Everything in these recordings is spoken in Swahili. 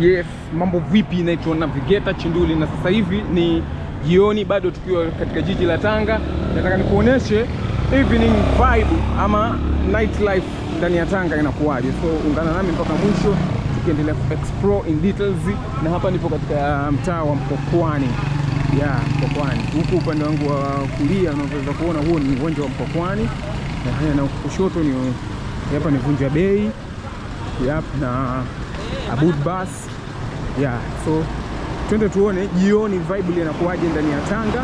Yes, mambo vipi? Naitwa Navigator Chinduli na sasa hivi ni jioni, bado tukiwa katika jiji la Tanga. Nataka nikuoneshe evening vibe ama night life ndani ya Tanga inakuwaje, so ungana nami mpaka mwisho tukiendelea ku explore in details. Na hapa nipo katika um, mtaa wa Mkokwani ya yeah, Mkokwani huku upande wangu wa kulia unaweza kuona huo ni uwanja wa Mkokwani na, na kushoto ni hapa ni Vunja Bei yep, na Abud Bus yeah, so twende tuone jioni vibe inakuwaje ndani ya Tanga.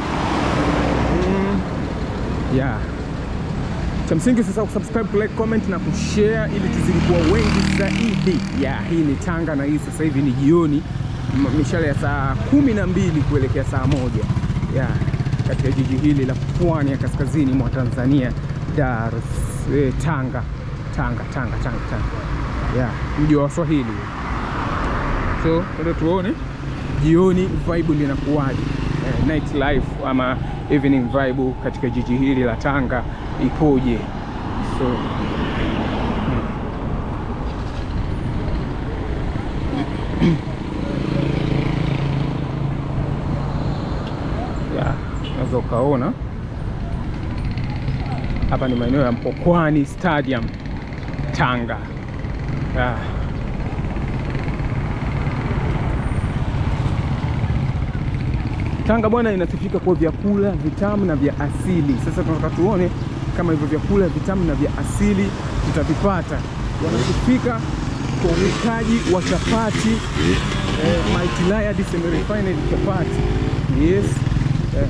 Mm, yeah. Cha msingi sasa kusubscribe, like, comment na kushare ili tuzidi kuwa wengi zaidi. Yeah, hii ni Tanga na hii sasa hivi ni jioni mishale ya saa kumi na mbili kuelekea saa moja yeah, katika jiji hili la pwani ya kaskazini mwa Tanzania Dar eh, Tanga Tanga Tanga Tanga Tanga, yeah, mji wa Waswahili so tuende tuone jioni vibe linakuwaje, eh, night life ama evening vibe katika jiji hili la Tanga ipoje? so hmm. unaweza ukaona hapa ni maeneo ya Mpokwani Stadium Tanga yeah. Tanga bwana inasifika kwa vyakula vitamu na vya asili. Sasa tunataka tuone kama hivyo vyakula vitamu na vya asili tutavipata. Wanasifika kwa upikaji wa chapati eh, multi layered semi refined chapati. Yes.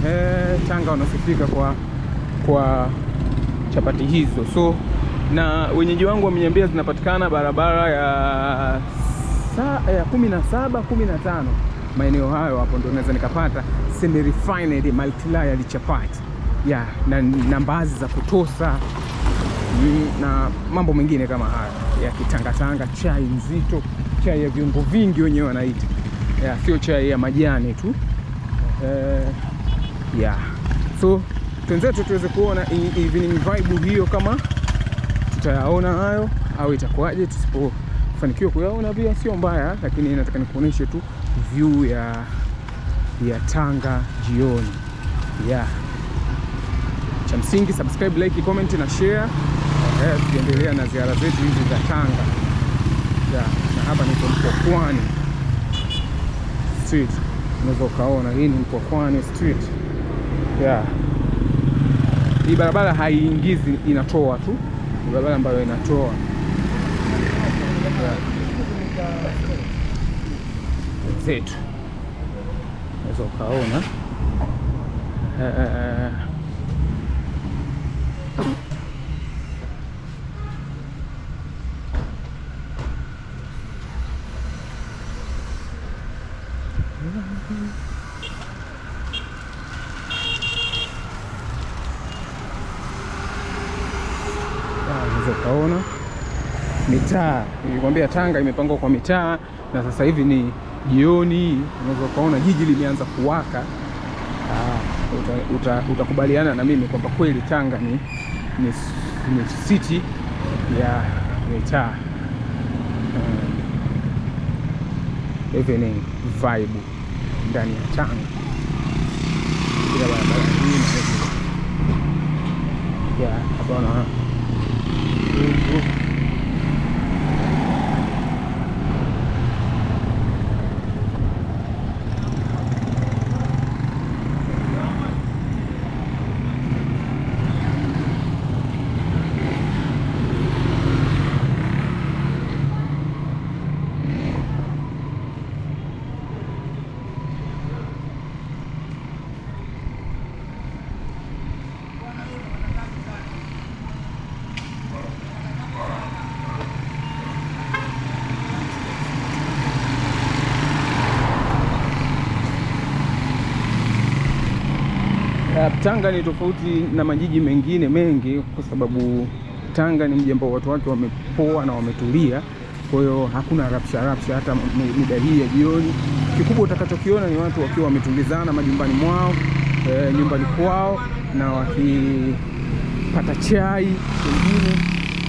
Eh, Tanga wanasifika kwa kwa chapati hizo. So na wenyeji wangu wameniambia zinapatikana barabara ya saa ya 17 15 maeneo hayo hapo ndo naweza nikapata semi refined multi chapati ya na, na za kutosa na mambo mengine kama hayo ya kitangatanga, chai nzito, chai ya viungo vingi wenyewe wanaita, sio chai ya majani tu uh, So twenzetu tuweze kuona evening vibe hiyo, kama tutayaona hayo au itakuwaje. Tusipofanikiwa kuyaona pia sio mbaya, lakini nataka nikuoneshe tu view ya, ya Tanga jioni yeah. Cha msingi subscribe, like, comment na share eh, tukiendelea na ziara zetu hizi za Tanga yeah. Na hapa niko Mkwakwani street, unaweza ukaona hii ni Mkwakwani street yeah. Hii barabara haiingizi, inatoa tu, ni barabara ambayo inatoa yeah zetu, unaweza ukaona ah, ukaona mitaa, nilikwambia Tanga imepangwa kwa mitaa na sasa hivi ni jioni unaweza ukaona jiji limeanza kuwaka. Ah, uta, uta, utakubaliana na mimi kwamba kweli Tanga ni, ni, ni city ya mitaa evening eh, vibe ndani ya Tanga kila barabara Tanga ni tofauti na majiji mengine mengi, kwa sababu Tanga ni mji ambao watu wake wamepoa na wametulia, kwa hiyo hakuna rapsha rapsha hata muda hii ya jioni. Kikubwa utakachokiona ni watu wakiwa wametulizana majumbani mwao, e, nyumbani kwao na wakipata chai, wengine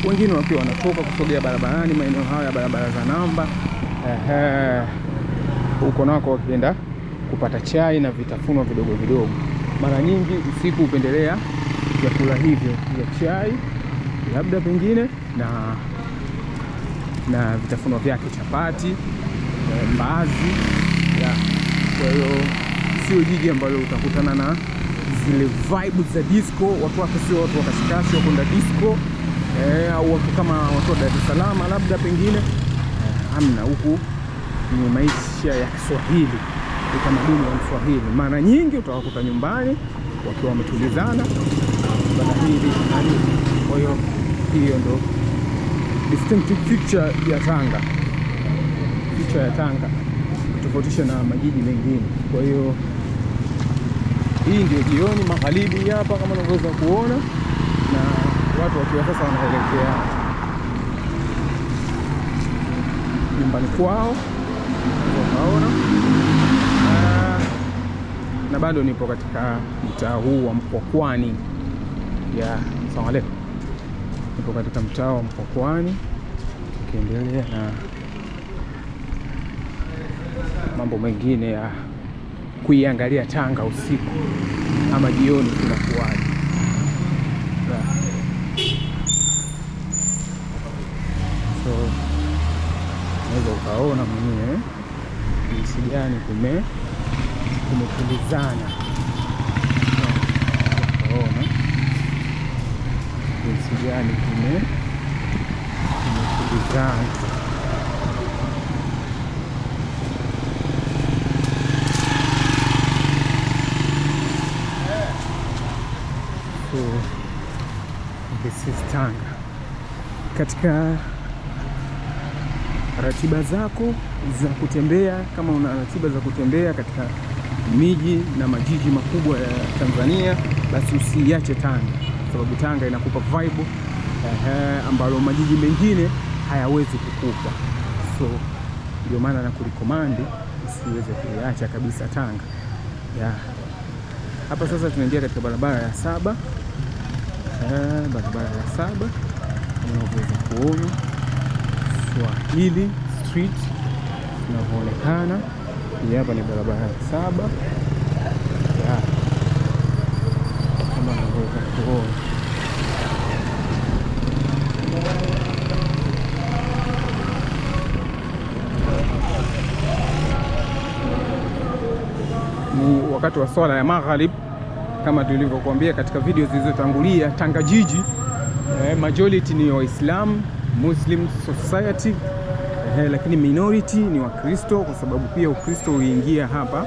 wengine wakiwa wanatoka kusogea barabarani maeneo hayo ya barabara za namba huko nako wakienda kupata chai na vitafunwa vidogo vidogo mara nyingi usiku hupendelea vyakula hivyo vya chai, labda pengine na na vitafunwa vyake, chapati, eh, mbaazi. Kwa hiyo sio jiji ambalo utakutana na zile vibe za disco, watu wake sio watu wakashikashi wakwenda disco eh, au watu kama watu wa Dar es Salaam labda pengine eh, amna. Huku ni maisha ya Kiswahili utamaduni wa Mswahili. Mara nyingi utawakuta nyumbani wakiwa wametulizana bana hili na Kwa hiyo hiyo ndo distinctive feature ya Tanga, feature ya Tanga tofautisha na majiji mengine. Kwa hiyo hii ndio jioni magharibi hapa kama unavyoweza kuona, na watu wakiwa sasa wanaelekea nyumbani kwao, unaona na bado nipo katika mtaa huu wa Mpokwani ya salamu Nipo katika mtaa wa mpokwani ukiendelea na mambo mengine ya kuiangalia Tanga usiku ama jioni kunakuwaje. So unaweza ukaona mwenyewe jinsi gani kume kumetulizana kaona jinsi gani kume kumepulizana So, this is Tanga. Katika ratiba zako za kutembea, kama una ratiba za kutembea katika miji na majiji makubwa ya Tanzania, basi usiiache Tanga sababu Tanga inakupa vibe eh, ambalo majiji mengine hayawezi kukupa. So ndio maana kurikomandi usiweze kuiacha kabisa Tanga yeah. Hapa sasa tunaingia katika barabara ya saba eh, barabara ya saba unavyoweza kuona Swahili Street inavyoonekana hii hapa ni barabara ya saba ni wakati wa swala ya magharib kama tulivyokuambia katika video zilizotangulia. Tanga jiji eh, majority ni waislam Muslim Society eh, lakini minority ni Wakristo kwa sababu pia Ukristo uliingia hapa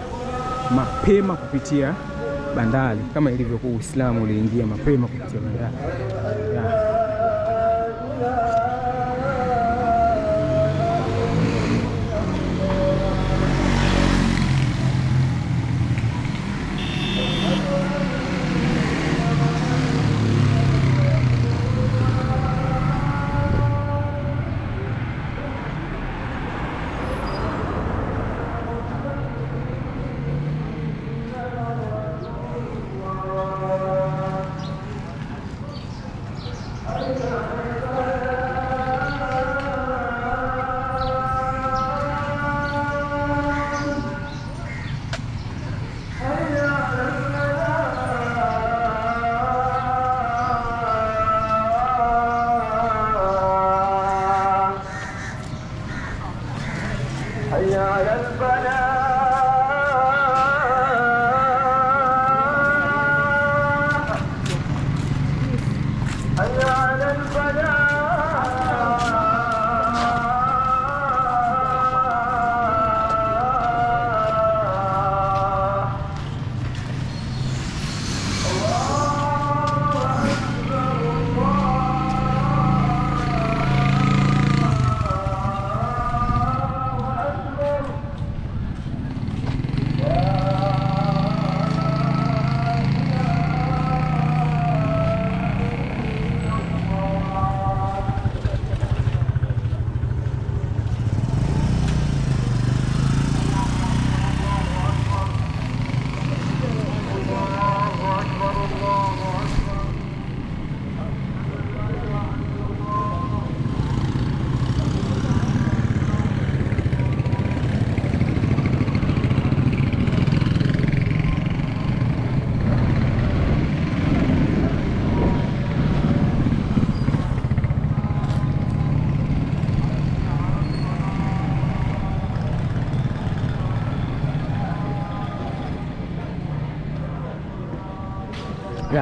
mapema kupitia bandari kama ilivyokuwa Uislamu uliingia mapema kupitia bandari.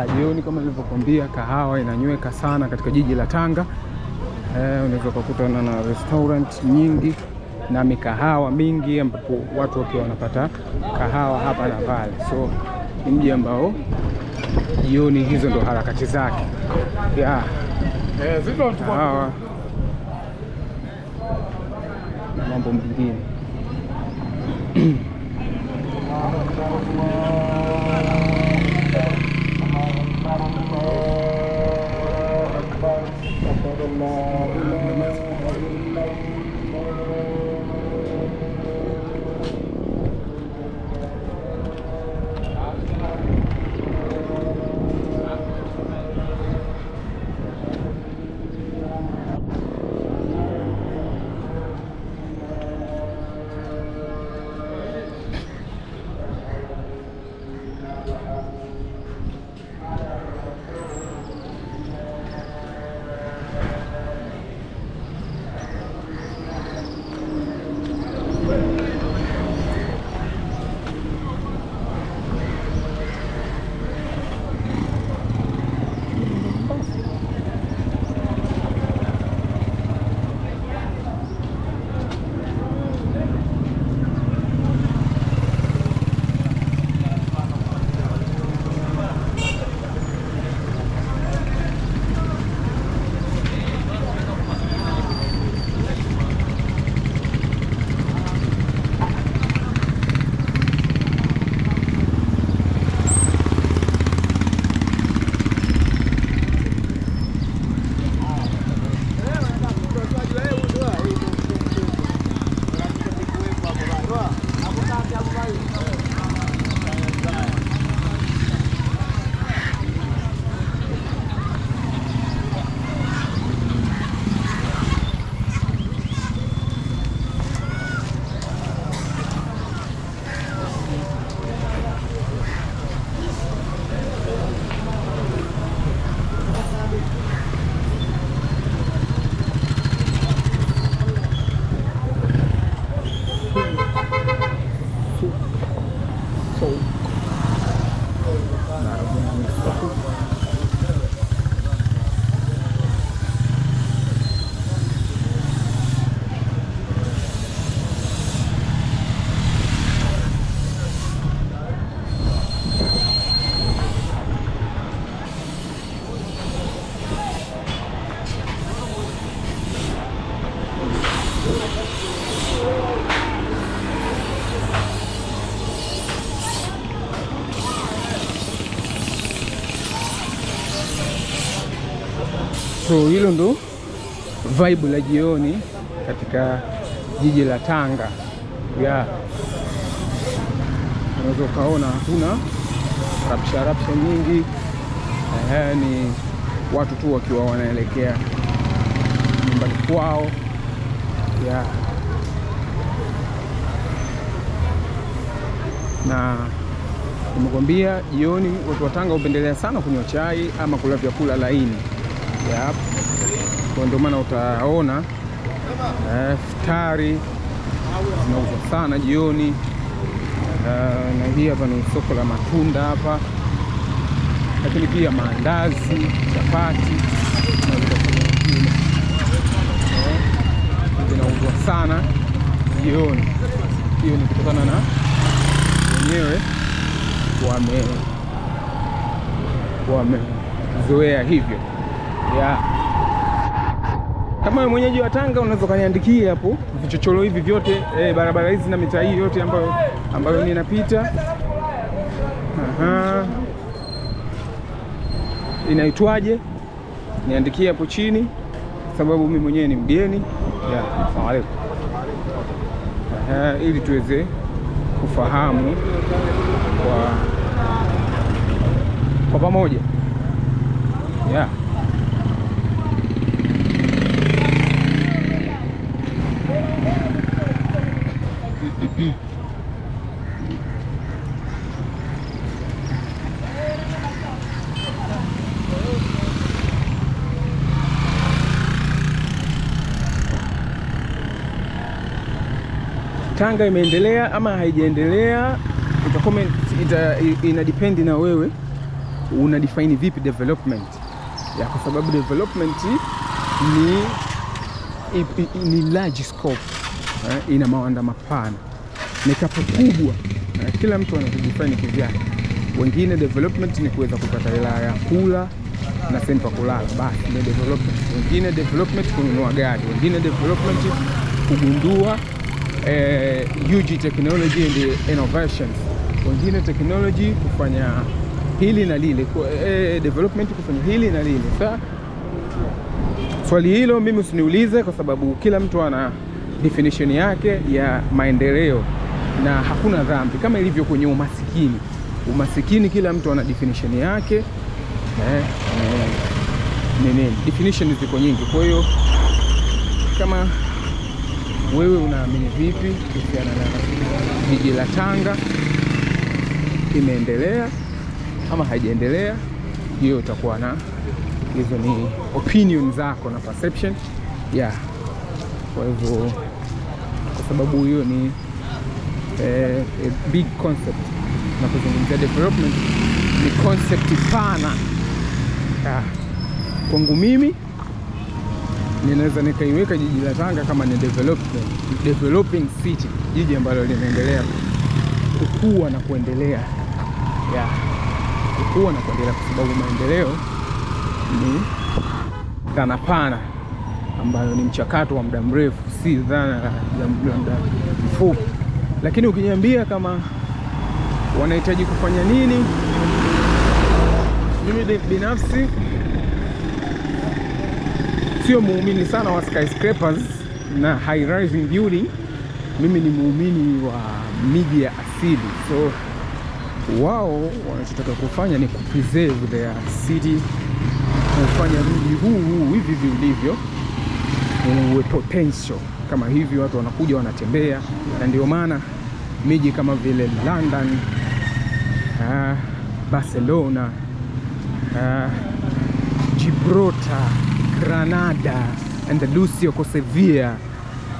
ya jioni kama nilivyokuambia, kahawa inanyweka sana katika jiji la Tanga. Eh, unaweza kukutana na restaurant nyingi na mikahawa mingi ambapo watu wakiwa wanapata kahawa hapa na pale. So ni mji ambao jioni hizo ndo harakati zake yeah. Eh, na mambo mengine So hilo ndo vibe la jioni katika jiji la Tanga yeah. Unaweza ukaona hakuna rapsha rapsha nyingi, ni watu tu wakiwa wanaelekea nyumbani kwao yeah. na nimekwambia jioni watu wa Tanga hupendelea sana kunywa chai ama kula vyakula laini ya hapo. Kwa ndio maana utaona eh, futari zinauzwa sana jioni. Uh, na hii hapa ni soko la matunda hapa, lakini pia maandazi, chapati zinauzwa eh, sana jioni. Hiyo ni kutokana na wenyewe wame wamezoea hivyo yeah. Kama mwenyeji wa Tanga unaweza kaniandikia hapo vichochoro hivi vyote eh, barabara hizi na mitaa hii yote ambayo, ambayo ninapita. Aha. Inaitwaje? Niandikie hapo chini sababu mimi mwenyewe ni mgeni yeah. Asalamu alaykum. Aha, ili tuweze kufahamu kwa, kwa pamoja yeah. Yanga imeendelea ama haijaendelea, ita comment ina depend na wewe una define vipi development ya, kwa sababu development ni ni large scope eh, ina mawanda mapana, ni kapu kubwa eh, kila mtu anakudefine kivyake. Wengine development ni kuweza kupata hela ya kula na pa kulala, basi ni development. Wengine development kununua gari, wengine development kugundua eh, UG technology and innovation, wengine technology kufanya hili na lile, eh, development kufanya hili na lile. Sasa swali hilo mimi usiniulize, kwa sababu kila mtu ana definition yake ya maendeleo na hakuna dhambi, kama ilivyo kwenye umasikini. Umasikini kila mtu ana definition yake eh, eh, nini definition ziko nyingi, kwa hiyo kama wewe unaamini vipi kuhusiana na jiji la Tanga, imeendelea ama haijaendelea? Hiyo utakuwa na hizo, ni opinion zako na perception yeah. Kwa hivyo kwa sababu hiyo ni eh, a big concept na kuzungumzia development ni concept pana yeah. Kwangu mimi ninaweza nikaiweka jiji la Tanga kama ni developing city, jiji ambalo linaendelea kukua na kuendelea yeah, kukua na kuendelea kwa sababu maendeleo ni dhana pana ambayo ni mchakato wa muda mrefu, si dhana ya muda mfupi. Lakini ukiniambia kama wanahitaji kufanya nini, mimi binafsi sio muumini sana wa skyscrapers na high rising building. Mimi ni muumini wa miji ya asili, so wao wanachotaka kufanya ni kupreserve their city, kufanya mji huu hivi hivi ulivyo uwe potential kama hivi, watu wanakuja wanatembea, na ndio maana miji kama vile London, uh, Barcelona, uh, Gibraltar Granada Andalusia kwa Sevilla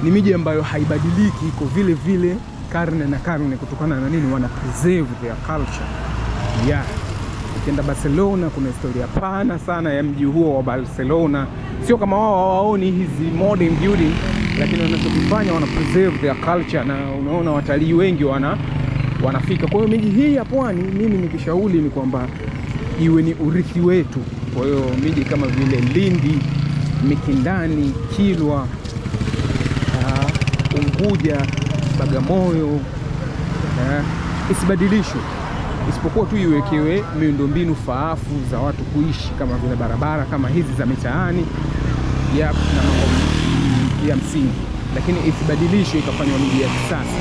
ni miji ambayo haibadiliki, iko vile vile karne na karne, kutokana na nini? Wana preserve their culture yeah. Ukienda Barcelona kuna historia pana sana ya mji huo wa Barcelona. Sio kama wao hawaoni hizi modern building, lakini wanachokifanya wana preserve their culture, na unaona watalii wengi wana wanafika. Kwa hiyo miji hii ya pwani, mimi nikishauri ni kwamba iwe ni urithi wetu. Kwa hiyo miji kama vile Lindi, Mikindani, Kilwa, uh, Unguja, Bagamoyo uh, isibadilishwe isipokuwa tu iwekewe miundombinu faafu za watu kuishi kama vile barabara kama hizi za mitaani ya na mambo ya msingi, lakini isibadilishwe ikafanywa miji ya kisasa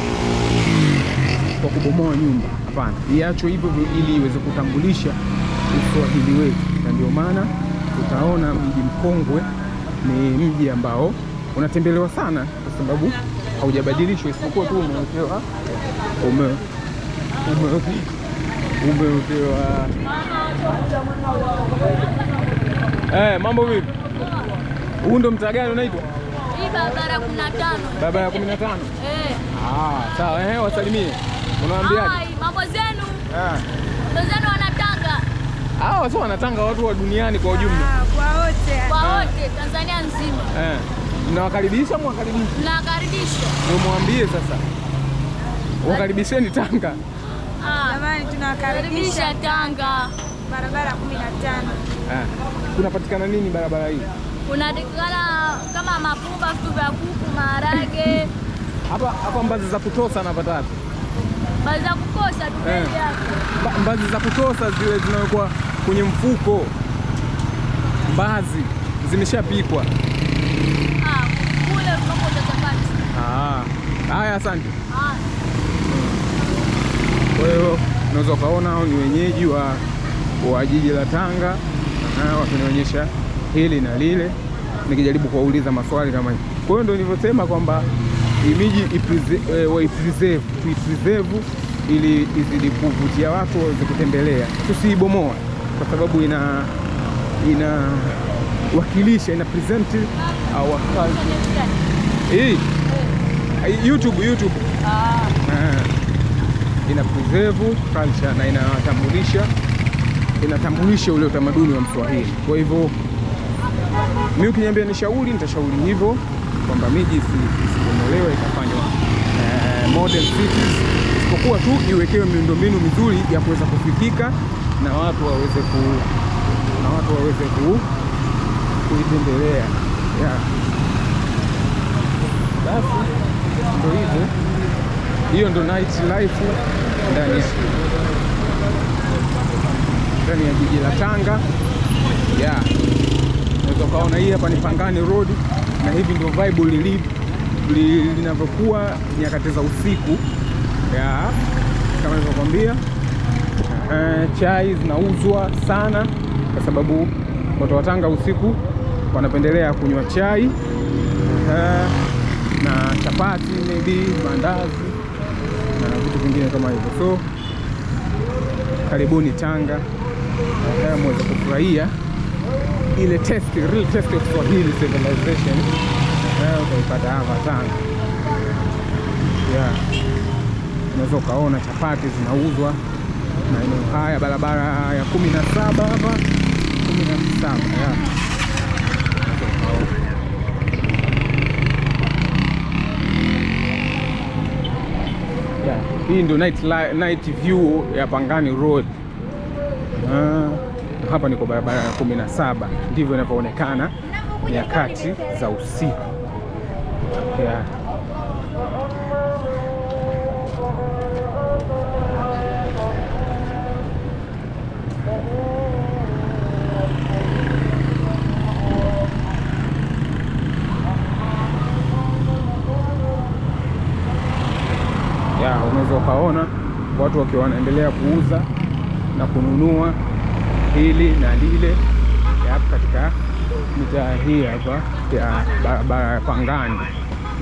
kwa kubomoa nyumba. Hapana, iachwe hivyo ili iweze kutambulisha Uswahili wetu na ndio maana tutaona mji mkongwe ni mji ambao unatembelewa sana kwa sababu haujabadilishwa isipokuwa tu umewekewa ume ume. eh, mambo vipi? Huu ndo mtaa gani unaitwa? Barabara ya tano. kumi na tano. Eh. Ah, sawa. Eh, wasalimie. Unawaambiaje? Mambo zenu. Ah. Mambo zenu Hawa sio wanatanga watu wa duniani kwa ujumla. Ah, kwa wote. Kwa wote, Tanzania nzima. Eh. Mnawakaribisha mwakaribisha? Tunawakaribisha. Umwambie sasa. Wakaribisheni Tanga. Ah, jamani tunawakaribisha Tanga. Barabara 15. Eh. Kunapatikana nini barabara hii? Kunatikana kama mapumba, vitu vya kuku, maharage. Hapa hapa mbazi za kutosha napata hapa mbazi za kukosa eh. Mbazi za kukosa zile zinawekwa kwenye mfuko, mbazi zimeshapikwa. Ah, ah, haya, asante. Ah. Kwa hiyo unaweza ukaona hao ni wenyeji wa, wa jiji la Tanga wakinionyesha hili na lile nikijaribu kuwauliza maswali kama hivi. Kwa hiyo ndio nilivyosema kwamba imiji eh, waipreserve, tuipreserve ili izidi kuvutia watu waweze kutembelea, tusiibomoa kwa sababu ina inawakilisha ina present our culture hii YouTube YouTube ah. Ah. ina preserve culture na inatambulisha inatambulisha ule utamaduni wa Mswahili. Kwa hivyo mimi ukiniambia nishauri, nitashauri hivyo kwamba miji isibomolewe ikafanywa eh, modern cities, isipokuwa tu iwekewe miundombinu mizuri ya kuweza kufikika na watu waweze ku na watu waweze ku kuitembelea yeah. Basi ndo hivyo, hiyo ndo night life ndani ndani ya jiji la Tanga yeah. Unaweza ukaona hii hapa ni Pangani Road na hivi ndio vibe linavyokuwa nyakati za usiku ya kama nilivyokuambia. Uh, chai zinauzwa sana kwa sababu watu wa Tanga usiku wanapendelea kunywa chai uh, na chapati maybe mandazi na vitu vingine kama hivyo. So karibuni Tanga, uh, mweze kufurahia ile test, real test of Kiswahili civilization nayo utaipata hapa sana. Yeah, unaweza ukaona chapati zinauzwa maeneo haya, barabara ya kumi na saba hapa kumi na saba yeah. Hii ndio night, night view ya Pangani Road. Ah hapa niko barabara ya 17, ndivyo inavyoonekana nyakati za usiku Yeah, unaweza ukaona watu wakiwa wanaendelea kuuza na kununua hili na lile hapa katika mitaa hii hapa ya barabara ya Pangani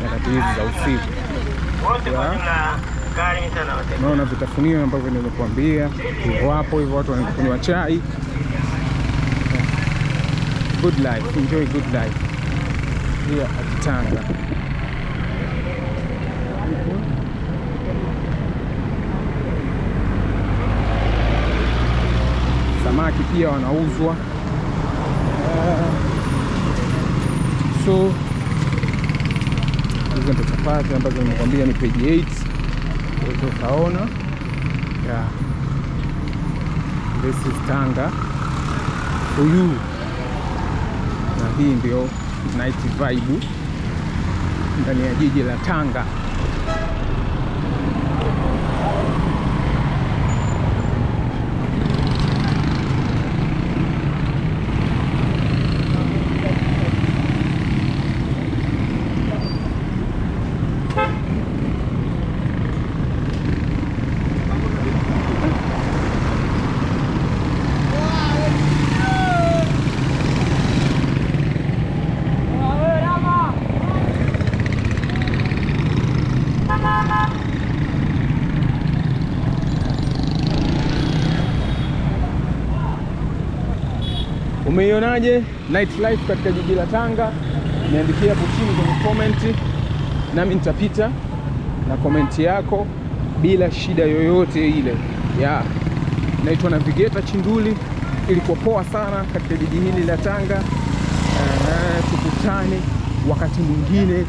nyakati hizi za usiku. Naona vitafunio ambavyo nimekuambia hivyo hapo hivyo, watu wanakunywa chai. Good life, enjoy good life here at Tanga. samaki pia wanauzwa, eh, so hizo ndo chapati ambazo nimekwambia ni page 8 uweze ukaona. Yeah. This is Tanga uyu, na hii ndio night vibe ndani ya jiji la Tanga. Umeionaje nightlife katika jiji la Tanga? Niandikia hapo chini kwenye comment, nami nitapita na komenti yako bila shida yoyote ile ya naitwa Navigator Chinduli. Ilikuwa poa sana katika jiji hili la Tanga. Uh, tukutane wakati mwingine,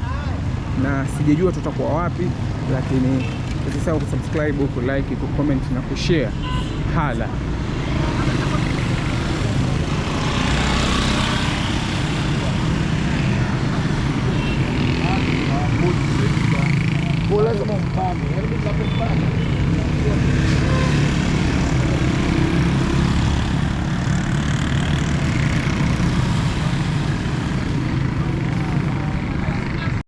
na sijajua tutakuwa wapi, lakini usisahau kusubscribe, kulike, kucomment na kushare. Hala.